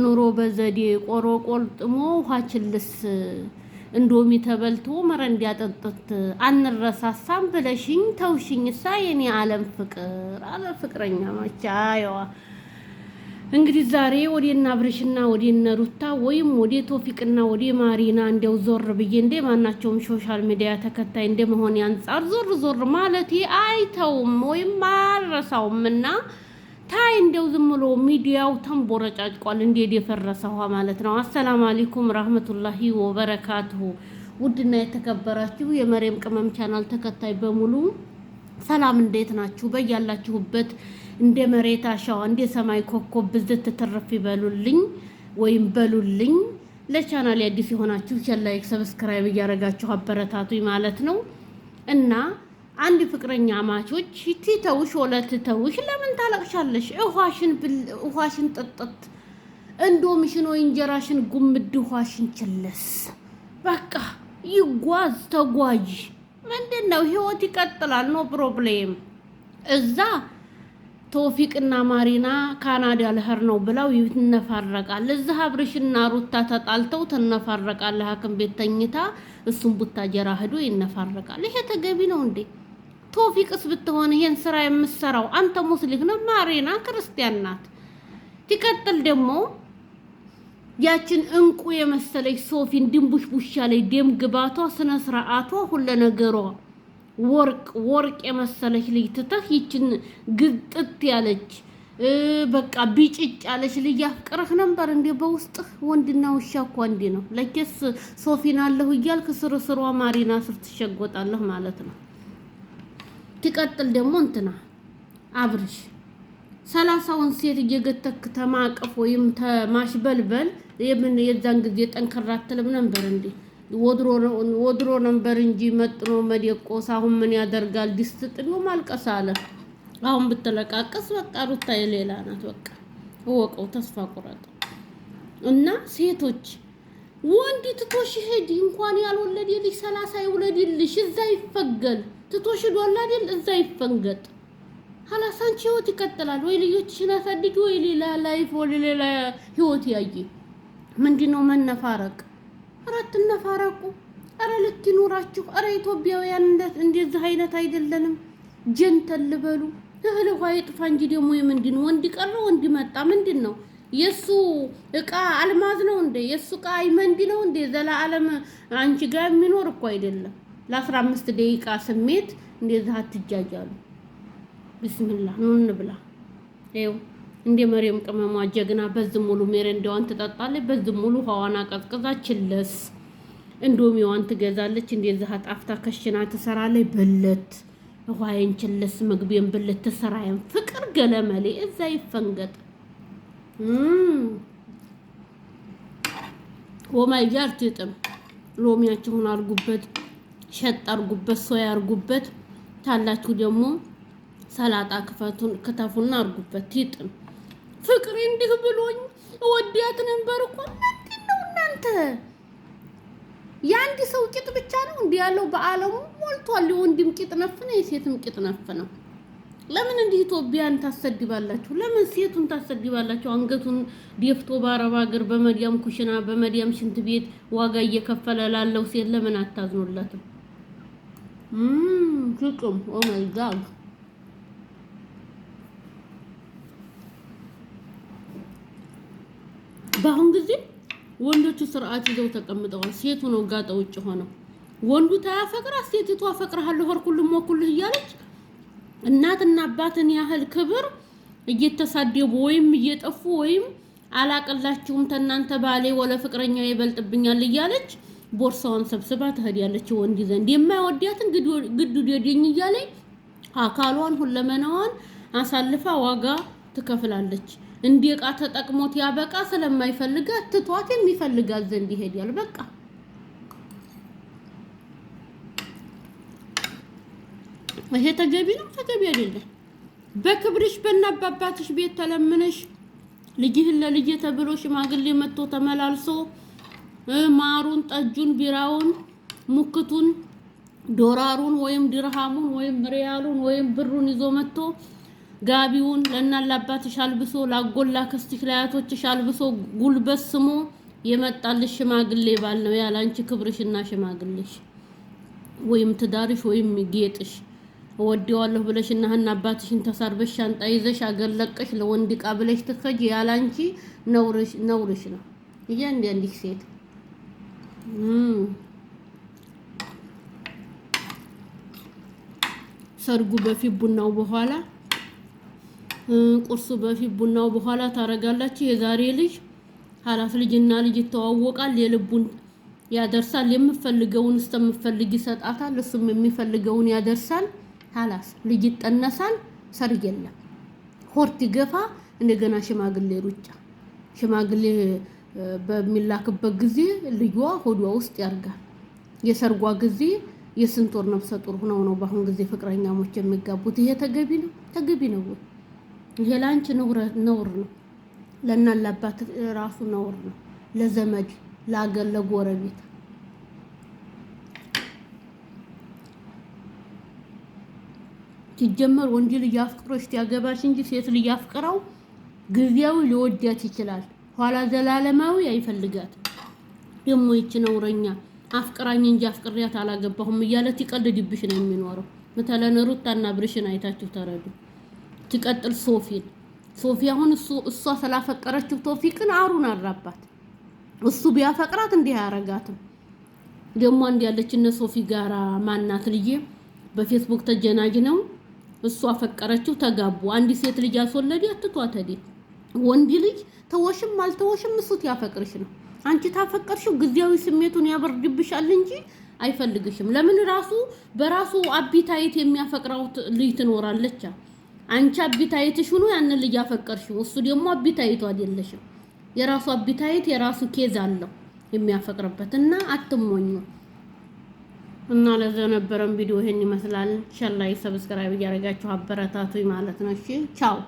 ኑሮ በዘዴ ቆሮ ቆልጥሞ ውሃ ችልስ እንዶሚ ተበልቶ መረንዳ ጠጥት አንረሳሳም ብለሽኝ ተውሽኝ እሳ የኔ አለም ፍቅር አለ ፍቅረኛ ማቻ እንግዲህ ዛሬ ወዴና ብርሽና ወዴነ ሩታ ወይም ወዴ ቶፊቅና ወዴ ማሪና እንደው ዞር ብዬ እንደ ማናቸውም ሶሻል ሚዲያ ተከታይ እንደ መሆን ያንጻር ዞር ዞር ማለት አይተውም ወይም አልረሳውምና ታይ እንደው ዝም ብሎ ሚዲያው ተንቦረጫጭቋል እንደ የፈረሰ ውሃ ማለት ነው። አሰላሙ አለይኩም ረህመቱላሂ ወበረካቱሁ። ውድና የተከበራችሁ የመሬም ቅመም ቻናል ተከታይ በሙሉ ሰላም፣ እንዴት ናችሁ? በያላችሁበት እንደ መሬት አሸዋ እንደ ሰማይ ኮከብ ብዝት ትትርፍ ይበሉልኝ ወይም በሉልኝ። ለቻናል አዲስ የሆናችሁ ሸላይክ ሰብስክራይብ እያደረጋችሁ አበረታቱኝ ማለት ነው እና አንድ ፍቅረኛ ማቾች ቲ ተውሽ ወለት ተውሽ ለምን ታለቅሻለሽ? እኋሽን እኋሽን ጠጠት እንዶምሽን ወይ እንጀራሽን ጉምድ እኋሽን ችለስ በቃ ይጓዝ ተጓዥ። ምንድን ነው ህይወት ይቀጥላል። ኖ ፕሮብሌም። እዛ ቶፊቅና ማሪና ካናዳ ልሄድ ነው ብለው ይነፋረቃል። እዛ አብርሽና ሩታ ተጣልተው ትነፋረቃል። ሐኪም ቤት ተኝታ እሱም ቡታጀራ ሂዶ ይነፋረቃል። ይሄ ተገቢ ነው እንዴ? ቶፊቅስ ብትሆን ይሄን ስራ የምትሰራው አንተ ሙስሊም ነው፣ ማሪና ክርስቲያን ናት። ትቀጥል ደግሞ ያችን እንቁ የመሰለች ሶፊን ድንቡሽ ቡሻ ላይ ደም ግባቷ፣ ስነ ስርዓቷ፣ ሁለ ነገሯ ወርቅ ወርቅ የመሰለች ልጅ ትተህ ይችን ግጥት ያለች በቃ ቢጭጭ ያለች ልጅ ያፍቅረህ ነበር እንዴ? በውስጥህ ወንድና ውሻ እኮ አንድ ነው። ለኬስ ሶፊን አለሁ እያልክ ስርስሯ ማሪና ስር ትሸጎጣለህ ማለት ነው። ትቀጥል ደግሞ እንትና አብርሽ ሰላሳውን ሴት እየገተክ ተማቀፍ ወይም ተማሽበልበል የምን የዛን ጊዜ ጠንከራ አትልም ነበር እንዴ? ወድሮ ነበር እንጂ መጥኖ መደቆስ። አሁን ምን ያደርጋል? ድስት ጥዶ ማልቀስ አለ። አሁን ብትለቃቀስ በቃ ሩታ ሌላ ናት። በቃ እወቀው፣ ተስፋ ቁረጥ እና ሴቶች ወንድ ትቶሽ ሂድ እንኳን ያልወለደ ልጅ ሰላሳ ይውለድልሽ እዛ ይፈገል ትቶሽ ዶላ አይደል እዛ ይፈንገጥ። ሀላስ አንቺ ህይወት ይቀጥላል። ወይ ልጆችሽን አሳድጊ፣ ወይ ሌላ ላይፍ፣ ወይ ሌላ ህይወት ያየ ምንድን ነው መነፋረቅ? ኧረ አትነፋረቁ። ኧረ ልክ ይኑራችሁ። ኧረ ኢትዮጵያውያን እንደዚህ አይነት አይደለንም። ጀንተን ልበሉ። እህል ውሃ ይጥፋ እንጂ ደግሞ የምንድን ወንድ ቀረ ወንድ መጣ ምንድን ነው? የሱ እቃ አልማዝ ነው እንዴ? የሱ እቃ አይመንድ ነው እንዴ? ዘላለም አንቺ ጋር የሚኖር እኮ አይደለም። ለ15 ደቂቃ ስሜት እንደዚህ አትጃጃሉ። ብስምላ ኑን ብላ ይኸው እንደ መሪም ቅመሟ ጀግና በዝም ሙሉ ሜረንዳዋን ትጠጣለች፣ በዝም ሙሉ ውሃዋን አቀዝቅዛ ችለስ እንዶሚዋን ትገዛለች። እንደዚህ አጣፍታ ከሽና ትሰራለች። በለት ውሃዬን ችለስ ምግቤን በለት ትሰራየን ፍቅር ገለመሌ እዛ ይፈንገጥ ወማይ ጋር ትጥም ሎሚያችሁን አድርጉበት። ሸጥ አርጉበት፣ ሶያ አርጉበት። ታላችሁ ደግሞ ሰላጣ ክፈቱን ክተፉና አርጉበት። ይጥም ፍቅሬ እንዲህ ብሎኝ ወዲያት ነበር እኮ እንዴ ነው እናንተ? የአንድ ሰው ቂጥ ብቻ ነው እንዲህ ያለው በዓለሙ ሞልቷል። የወንድም ቂጥ ነፍ ነው፣ የሴትም ቂጥ ነፍ ነው። ለምን እንዲህ ኢትዮጵያን ታሰድባላችሁ? ለምን ሴቱን ታሰድባላችሁ? አንገቱን ደፍቶ በአረብ ሀገር በመዲያም ኩሽና በመዲያም ሽንት ቤት ዋጋ እየከፈለ ላለው ሴት ለምን አታዝኑላትም? Mmm, chicken. Oh my በአሁን ጊዜ ወንዶቹ ስርዓት ይዘው ተቀምጠዋል። ሴቱ ነው ጋጠ ውጭ ሆነው ወንዱ ታያፈቅራት ሴቲቱ አፈቅርሃለሁ ሆር ኩልም ሞኩልህ እያለች እናትና አባትን ያህል ክብር እየተሳደቡ ወይም እየጠፉ ወይም አላቀላችሁም ተናንተ ባሌ ወለ ፍቅረኛ ይበልጥብኛል እያለች ቦርሳዋን ሰብስባ ትሄዳለች ወንድ ዘንድ የማይወዳትን ግድ ወደኝ እያለኝ አካሏን ሁለመናዋን አሳልፋ ዋጋ ትከፍላለች። እንደ እቃ ተጠቅሞት ያበቃ ስለማይፈልጋት ትቷት የሚፈልጋት ዘንድ ይሄዳል። በቃ ይሄ ተገቢ ነው ተገቢ አይደለም። በክብርሽ በናባባትሽ ቤት ተለምነሽ ልጅህን ለልጄ ተብሎ ሽማግሌ መጥቶ ተመላልሶ ማሩን፣ ጠጁን፣ ቢራውን፣ ሙክቱን፣ ዶራሩን ወይም ድርሃሙን ወይም ሪያሉን ወይም ብሩን ይዞ መጥቶ ጋቢውን ለእናት ለአባትሽ አልብሶ ላጎላ ከስትሽ ለአያቶችሽ አልብሶ ጉልበት ስሞ የመጣልሽ ሽማግሌ ባል ነው ያላንቺ ክብርሽና ሽማግሌሽ ወይም ትዳርሽ ወይም ጌጥሽ እወደዋለሁ ብለሽ እናህና አባትሽን ተሳርበሽ ሻንጣ ይዘሽ አገር ለቀሽ ለወንድ ዕቃ ብለሽ ትከጅ ያላንቺ ነውርሽ ነውርሽ ነው። እያንዳንዲህ ሴት ሰርጉ በፊት ቡናው በኋላ ቁርሱ በፊት ቡናው በኋላ ታረጋላችሁ። የዛሬ ልጅ ሀላፍ ልጅና ልጅ ይተዋወቃል። የልቡን ያደርሳል። የምፈልገውን እስከምፈልግ ይሰጣታል። እሱም የሚፈልገውን ያደርሳል። ሀላስ ልጅ ይጠነሳል። ሰርግ የለም። ሆርት ይገፋ። እንደገና ሽማግሌ ሩጫ ሽማግሌ በሚላክበት ጊዜ ልጇ ሆዷ ውስጥ ያርጋል። የሰርጓ ጊዜ የስንት ወር ነፍሰ ጡር ሆነው ነው በአሁን ጊዜ ፍቅረኛሞች የሚጋቡት? ይሄ ተገቢ ነው? ተገቢ ነው ይሄ ለአንቺ ነውር ነው። ለእናት ለአባት ራሱ ነውር ነው። ለዘመድ ለአገር፣ ለጎረቤት ሲጀመር ወንድ ልጅ አፍቅሮች ያገባሽ እንጂ ሴት ልጅ አፍቅረው ጊዜያዊ ሊወዳት ይችላል። ኋላ ዘላለማዊ አይፈልጋት ደግሞ ይች ነውረኛ አፍቅራኝ እንጂ አፍቅሪያት አላገባሁም እያለ ትቀልድብሽ ነው የሚኖረው። በተለይ ሩታና ብርሽን አይታችሁ ተረዱ። ትቀጥል ሶፊን ሶፊ አሁን እሱ እሷ ስላፈቀረችው ቶፊቅን አሩን አራባት። እሱ ቢያፈቅራት እንዲህ አያረጋትም። ደግሞ አንድ ያለች እነ ሶፊ ጋራ ማናት ልዬ በፌስቡክ ተጀናጅ ነው እሱ አፈቀረችው፣ ተጋቡ። አንድ ሴት ልጅ አስወለደ አትቷ ወንድ ልጅ ተወሽም አልተወሽም እሱት ያፈቅርሽ ነው። አንቺ ታፈቀርሽው ጊዜያዊ ስሜቱን ያበርድብሻል እንጂ አይፈልግሽም። ለምን ራሱ በራሱ አቢታይት የሚያፈቅራው ልጅ ትኖራለች። አንቺ አቢታይትሽ ሆኖ ያንን ልጅ ያፈቀርሽው፣ እሱ ደግሞ አቢታይቱ አይደለሽም። የራሱ አቢታይት የራሱ ኬዝ አለው የሚያፈቅርበት እና አትሞኙ። እና ለዛ ነበረን ቪዲዮ ይሄን ይመስላል። ሸላይ ሰብስክራይብ እያደረጋችሁ አበረታቱኝ ማለት ነው። እሺ ቻው።